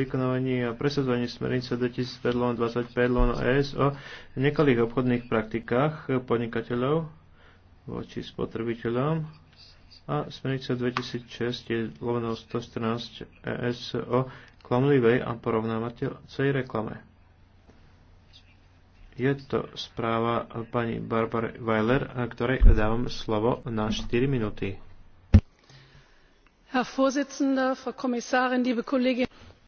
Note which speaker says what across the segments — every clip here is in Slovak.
Speaker 1: vykonovaní a presadzovaní smernice 2005-25-ES o nekalých obchodných praktikách podnikateľov voči spotrebiteľom a smernica 2006 114 ES o klamlivej a porovnávateľcej reklame. Je to správa pani Barbary Weiler, ktorej dávam slovo na 4 minúty
Speaker 2: herr Vorsitzender, frau kommissarin liebe kolleginnen und kollegen!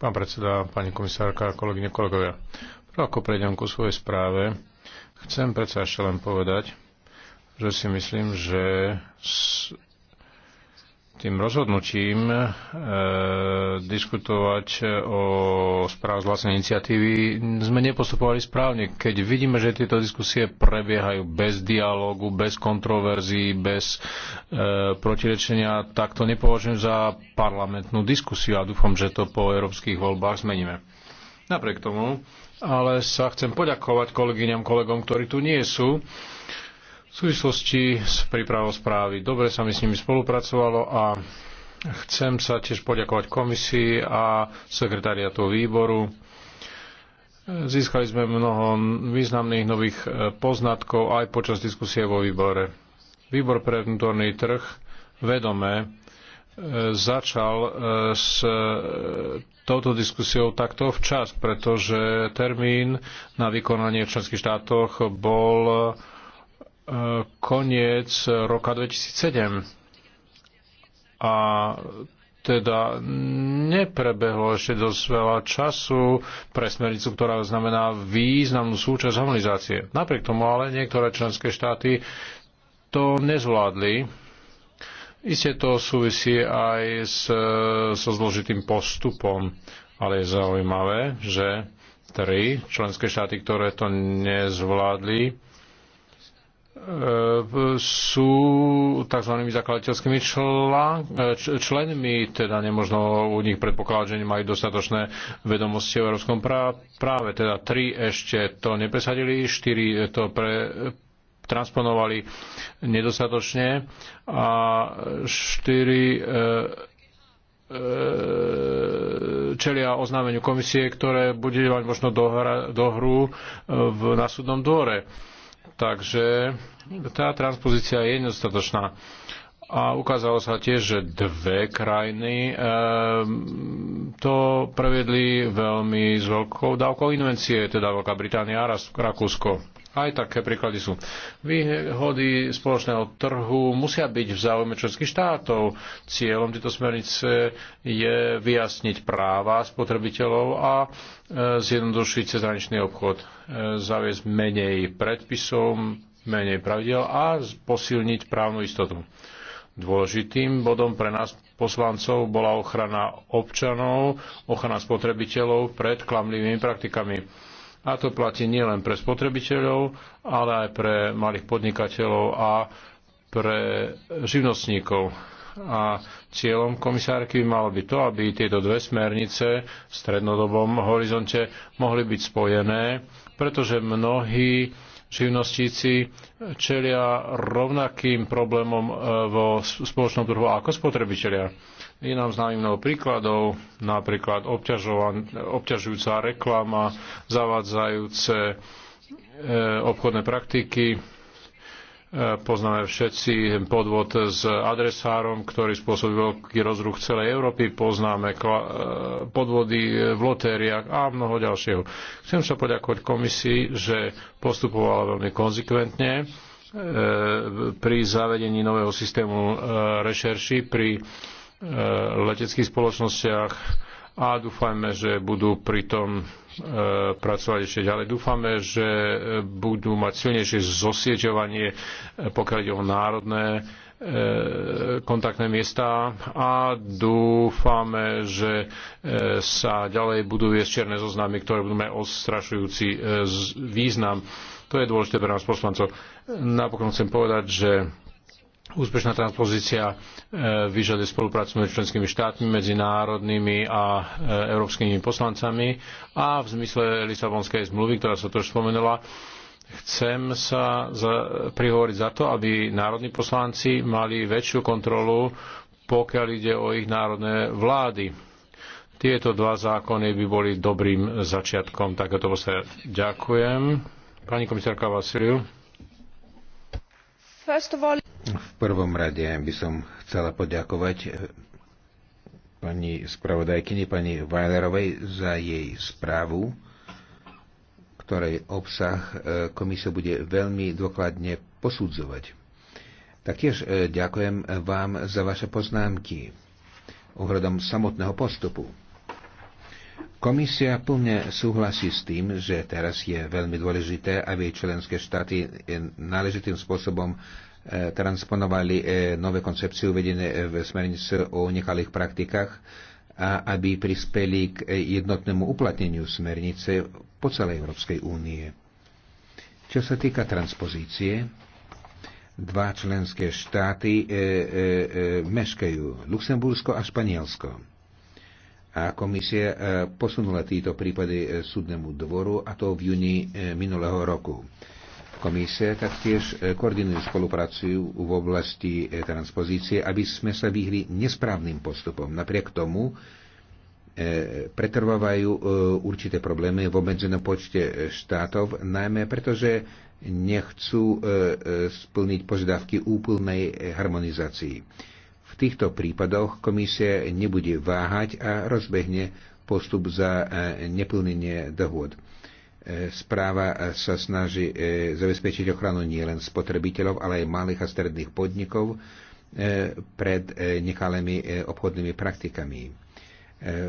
Speaker 2: Pán predseda, pani komisárka, kolegyne, kolegovia. Ako prejdem ku svojej správe, chcem predsa ešte len povedať, že si myslím, že tým rozhodnutím e, diskutovať o správach z vlastnej iniciatívy sme nepostupovali správne. Keď vidíme, že tieto diskusie prebiehajú bez dialógu, bez kontroverzií, bez e, protirečenia, tak to nepovažujem za parlamentnú diskusiu a dúfam, že to po európskych voľbách zmeníme. Napriek tomu, ale sa chcem poďakovať kolegyňam, kolegom, ktorí tu nie sú. E, v súvislosti s prípravou správy dobre sa mi s nimi spolupracovalo a chcem sa tiež poďakovať komisii a sekretariatu výboru. Získali sme mnoho významných nových e, poznatkov aj počas diskusie vo výbore. Výbor pre vnútorný trh vedome e, začal e, s touto diskusiou takto včas, pretože termín na vykonanie v členských štátoch bol koniec roka 2007. A teda neprebehlo ešte dosť veľa času pre smernicu, ktorá znamená významnú súčasť harmonizácie. Napriek tomu ale niektoré členské štáty to nezvládli. Isté to súvisí aj s, so zložitým postupom, ale je zaujímavé, že tri členské štáty, ktoré to nezvládli, E, sú tzv. zakladateľskými e, členmi, teda nemožno u nich predpokladať, že nemajú dostatočné vedomosti o európskom práve. Teda tri ešte to nepresadili, štyri to pre, transponovali nedostatočne a štyri e, čelia oznámeniu komisie, ktoré bude mať možno do, hra, do hru v, na súdnom dvore Takže tá transpozícia je nedostatočná. A ukázalo sa tiež, že dve krajiny e, to prevedli veľmi s veľkou dávkou invencie, teda Veľká Británia a Rakúsko. Aj také príklady sú. Výhody spoločného trhu musia byť v záujme členských štátov. Cieľom tejto smernice je vyjasniť práva spotrebiteľov a e, zjednodušiť cezhraničný obchod, e, zaviesť menej predpisov, menej pravidel a posilniť právnu istotu. Dôležitým bodom pre nás poslancov bola ochrana občanov, ochrana spotrebiteľov pred klamlivými praktikami a to platí nielen pre spotrebiteľov, ale aj pre malých podnikateľov a pre živnostníkov. A cieľom komisárky by malo byť to, aby tieto dve smernice v strednodobom horizonte mohli byť spojené, pretože mnohí živnostníci čelia rovnakým problémom e, vo spoločnom trhu ako spotrebitelia. Je nám známy mnoho príkladov, napríklad obťažujúca reklama, zavádzajúce e, obchodné praktiky, Poznáme všetci podvod s adresárom, ktorý spôsobil veľký rozruch celej Európy. Poznáme eh, podvody v lotériách a mnoho ďalšieho. Chcem sa poďakovať komisii, že postupovala veľmi konzikventne eh, pri zavedení nového systému eh, rešerši pri leteckých spoločnostiach a dúfajme, že budú pritom e, pracovať ešte ďalej. Dúfame, že e, budú mať silnejšie zosieťovanie, e, pokiaľ ide o národné kontaktné miesta a dúfame, že sa ďalej budú viesť čierne zoznamy, ktoré budú mať odstrašujúci význam. To je dôležité pre nás poslancov. Napokon chcem povedať, že Úspešná transpozícia e, vyžaduje spoluprácu medzi členskými štátmi, medzi národnými a e, európskymi poslancami a v zmysle Lisabonskej zmluvy, ktorá sa to už spomenula, chcem sa za, prihovoriť za to, aby národní poslanci mali väčšiu kontrolu, pokiaľ ide o ich národné vlády. Tieto dva zákony by boli dobrým začiatkom takéto sa Ďakujem.
Speaker 3: Pani komisárka Vasiliu. First of all... V prvom rade by som chcela poďakovať eh, pani spravodajkyni, pani Weilerovej za jej správu, ktorej obsah eh, komisia bude veľmi dôkladne posudzovať. Taktiež eh, ďakujem vám za vaše poznámky ohľadom samotného postupu. Komisia plne súhlasí s tým, že teraz je veľmi dôležité, aby členské štáty náležitým spôsobom Eh, transponovali eh, nové koncepcie uvedené eh, v smernici o nekalých praktikách a aby prispeli k jednotnému uplatneniu smernice po celej Európskej únie. Čo sa týka transpozície, dva členské štáty e, e, e, meškajú, Luxembursko a Španielsko. A komisia e, posunula títo prípady súdnemu dvoru, a to v júni e, minulého roku. E, Komisia taktiež e, koordinuje spolupráciu v oblasti e, transpozície, aby sme sa vyhli nesprávnym postupom. Napriek tomu e, pretrvávajú určité problémy v obmedzenom počte štátov, najmä pretože nechcú splniť požiadavky úplnej harmonizácii. V týchto prípadoch komisia nebude váhať a rozbehne postup za neplnenie dohôd. E, správa e, sa snaží e, zabezpečiť ochranu nielen spotrebiteľov, ale aj malých a stredných podnikov pred nekalými obchodnými praktikami.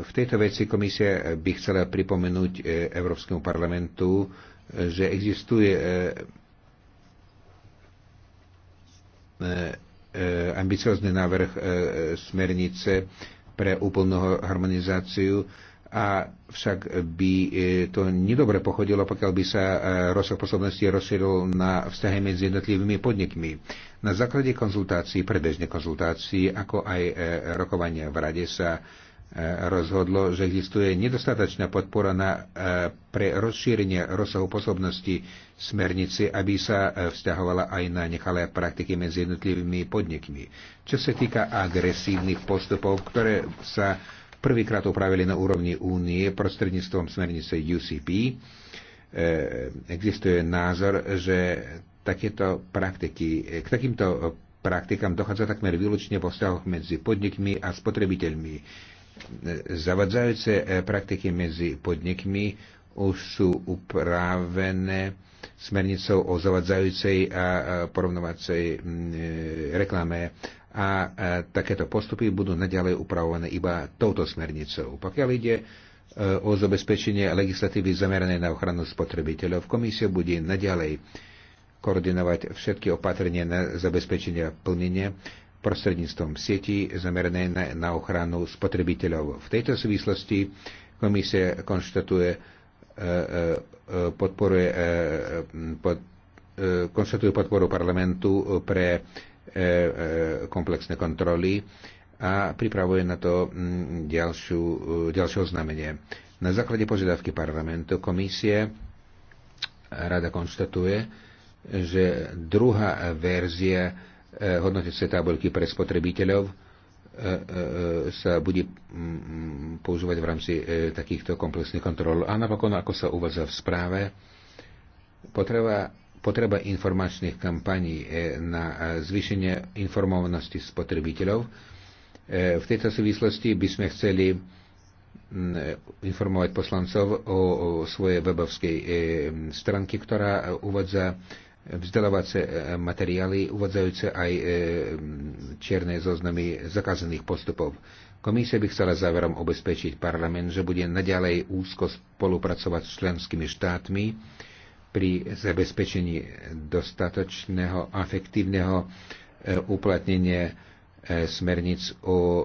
Speaker 3: V tejto veci komisia by chcela pripomenúť Európskemu parlamentu, že existuje ambiciozný návrh smernice pre úplnú harmonizáciu a však by e, to nedobre pochodilo, pokiaľ by sa e, rozsah posobnosti rozšíril na vzťahy medzi jednotlivými podnikmi. Na základe konzultácií, predbežne konzultácií, ako aj e, rokovania v rade sa rozhodlo, že existuje nedostatočná podpora na, pre rozšírenie rozsahu posobnosti smernice, aby sa vzťahovala aj na nechalé praktiky medzi jednotlivými podnikmi. Čo sa týka agresívnych postupov, ktoré sa prvýkrát upravili na úrovni únie prostredníctvom smernice UCP. E, existuje názor, že takéto praktiky, k takýmto praktikám dochádza takmer výlučne vo vzťahoch medzi podnikmi a spotrebiteľmi. E, zavadzajúce e, praktiky medzi podnikmi už sú upravené smernicou o zavadzajúcej a porovnovacej reklame a e, takéto postupy budú naďalej upravované iba touto smernicou. Pokiaľ ide e, o zabezpečenie legislatívy zameranej na ochranu spotrebiteľov, komisia bude naďalej koordinovať všetky opatrenia na zabezpečenie plnenia prostredníctvom sieti zamerané na ochranu spotrebiteľov. V tejto súvislosti komisia konštatuje, e, podporuje, pod, konštatuje podporu parlamentu pre E, e, komplexné kontroly a pripravuje na to mm, ďalšiu, e, ďalšie oznámenie. Na základe požiadavky parlamentu komisie rada konštatuje, že druhá verzia hodnotiacej tabulky pre spotrebiteľov sa bude mm, mm, používať v rámci takýchto komplexných kontrol. A napokon, ako sa uvádza v správe, potreba potreba informačných kampaní e, na e, zvýšenie informovanosti spotrebiteľov. E, v tejto súvislosti by sme chceli informovať poslancov o, svojej webovskej stránke, ktorá uvádza vzdelávacie materiály, uvádzajúce aj čierne zoznamy zakázaných postupov. Komisia by chcela záverom ubezpečiť parlament, že bude naďalej úzko spolupracovať s členskými štátmi, pri zabezpečení dostatočného afektívneho e, uplatnenia e, smerníc o e,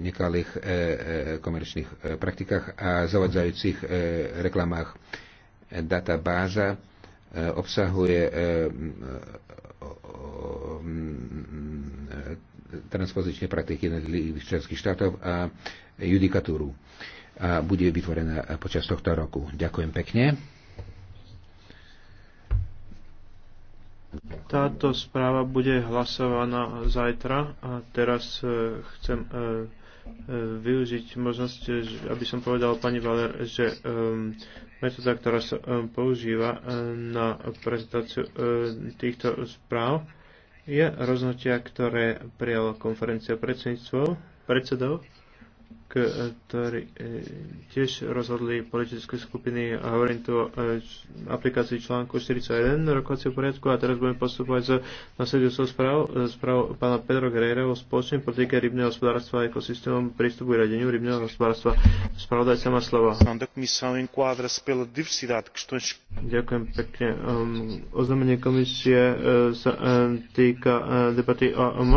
Speaker 3: nekalých komerčných praktikách a zavadzajúcich reklamách. Databáza obsahuje transpozičné praktiky jednotlivých členských štátov a judikatúru a bude vytvorená počas tohto roku. Ďakujem pekne.
Speaker 1: Táto správa bude hlasovaná zajtra a teraz e, chcem e, e, využiť možnosť, aby som povedal pani Valer, že metóda, ktorá sa používa na prezentáciu týchto správ, je rozhodnutia, ktoré prijala konferencia predsedov ktorí e, tiež rozhodli politické skupiny a hovorím tu o e, aplikácii článku 41 rokovacieho poriadku a teraz budeme postupovať z nasledujúcou e, správou správ pána Pedro Grejera o spoločnej politike rybného hospodárstva a ekosystémom prístupu k radeniu rybného hospodárstva. Spravodajca má slovo. Ďakujem pekne. Um, oznámenie komisie uh, sa týka uh, debaty o